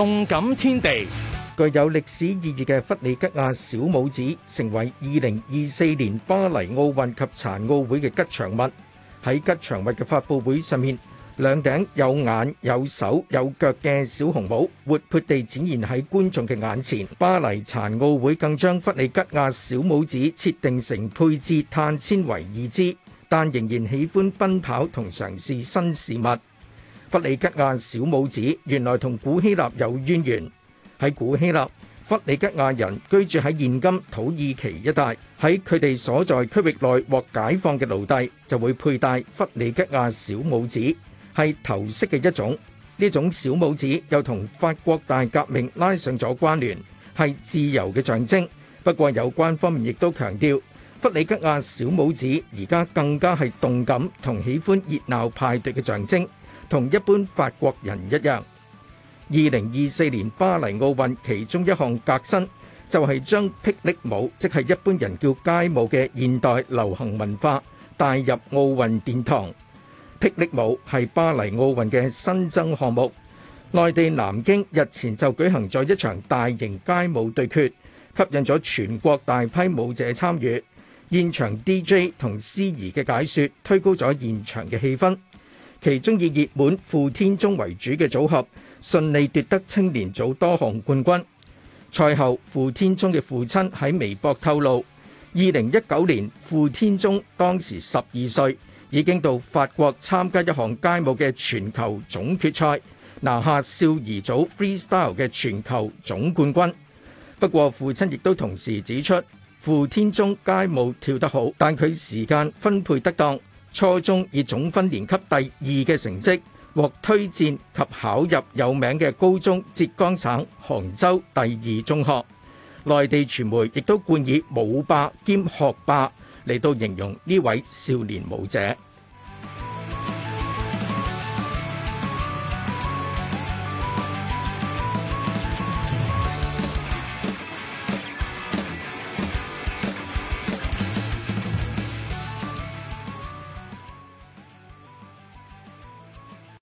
動感天地，具有歷史意義嘅弗里吉亞小帽子成為2024年巴黎奧運及殘奧會嘅吉祥物。喺吉祥物嘅發佈會上面，兩頂有眼有手有腳嘅小紅帽活潑地展現喺觀眾嘅眼前。巴黎殘奧會更將弗里吉亞小帽子設定成配置碳纖維義肢，但仍然喜歡奔跑同嘗試新事物。弗里吉亞小帽子原來同古希臘有淵源，喺古希臘，弗里吉亞人居住喺現今土耳其一帶。喺佢哋所在區域內獲解放嘅奴隸就會佩戴弗里吉亞小帽子，係頭飾嘅一種。呢種小帽子又同法國大革命拉上咗關聯，係自由嘅象徵。不過有關方面亦都強調，弗里吉亞小帽子而家更加係動感同喜歡熱鬧派對嘅象徵。同一般法國人一樣，二零二四年巴黎奧運其中一項革新就係將霹靂舞，即係一般人叫街舞嘅現代流行文化帶入奧運殿堂。霹靂舞係巴黎奧運嘅新增項目。內地南京日前就舉行咗一場大型街舞對決，吸引咗全國大批舞者參與。現場 DJ 同司儀嘅解說推高咗現場嘅氣氛。其中以熱門傅天宗為主嘅組合，順利奪得青年組多項冠軍。賽後，傅天宗嘅父親喺微博透露，二零一九年傅天宗當時十二歲，已經到法國參加一項街舞嘅全球總決賽，拿下少兒組 freestyle 嘅全球總冠軍。不過，父親亦都同時指出，傅天宗街舞跳得好，但佢時間分配得當。初中以總分年級第二嘅成績獲推薦及考入有名嘅高中浙江省杭州第二中學。內地傳媒亦都冠以舞霸兼學霸嚟到形容呢位少年舞者。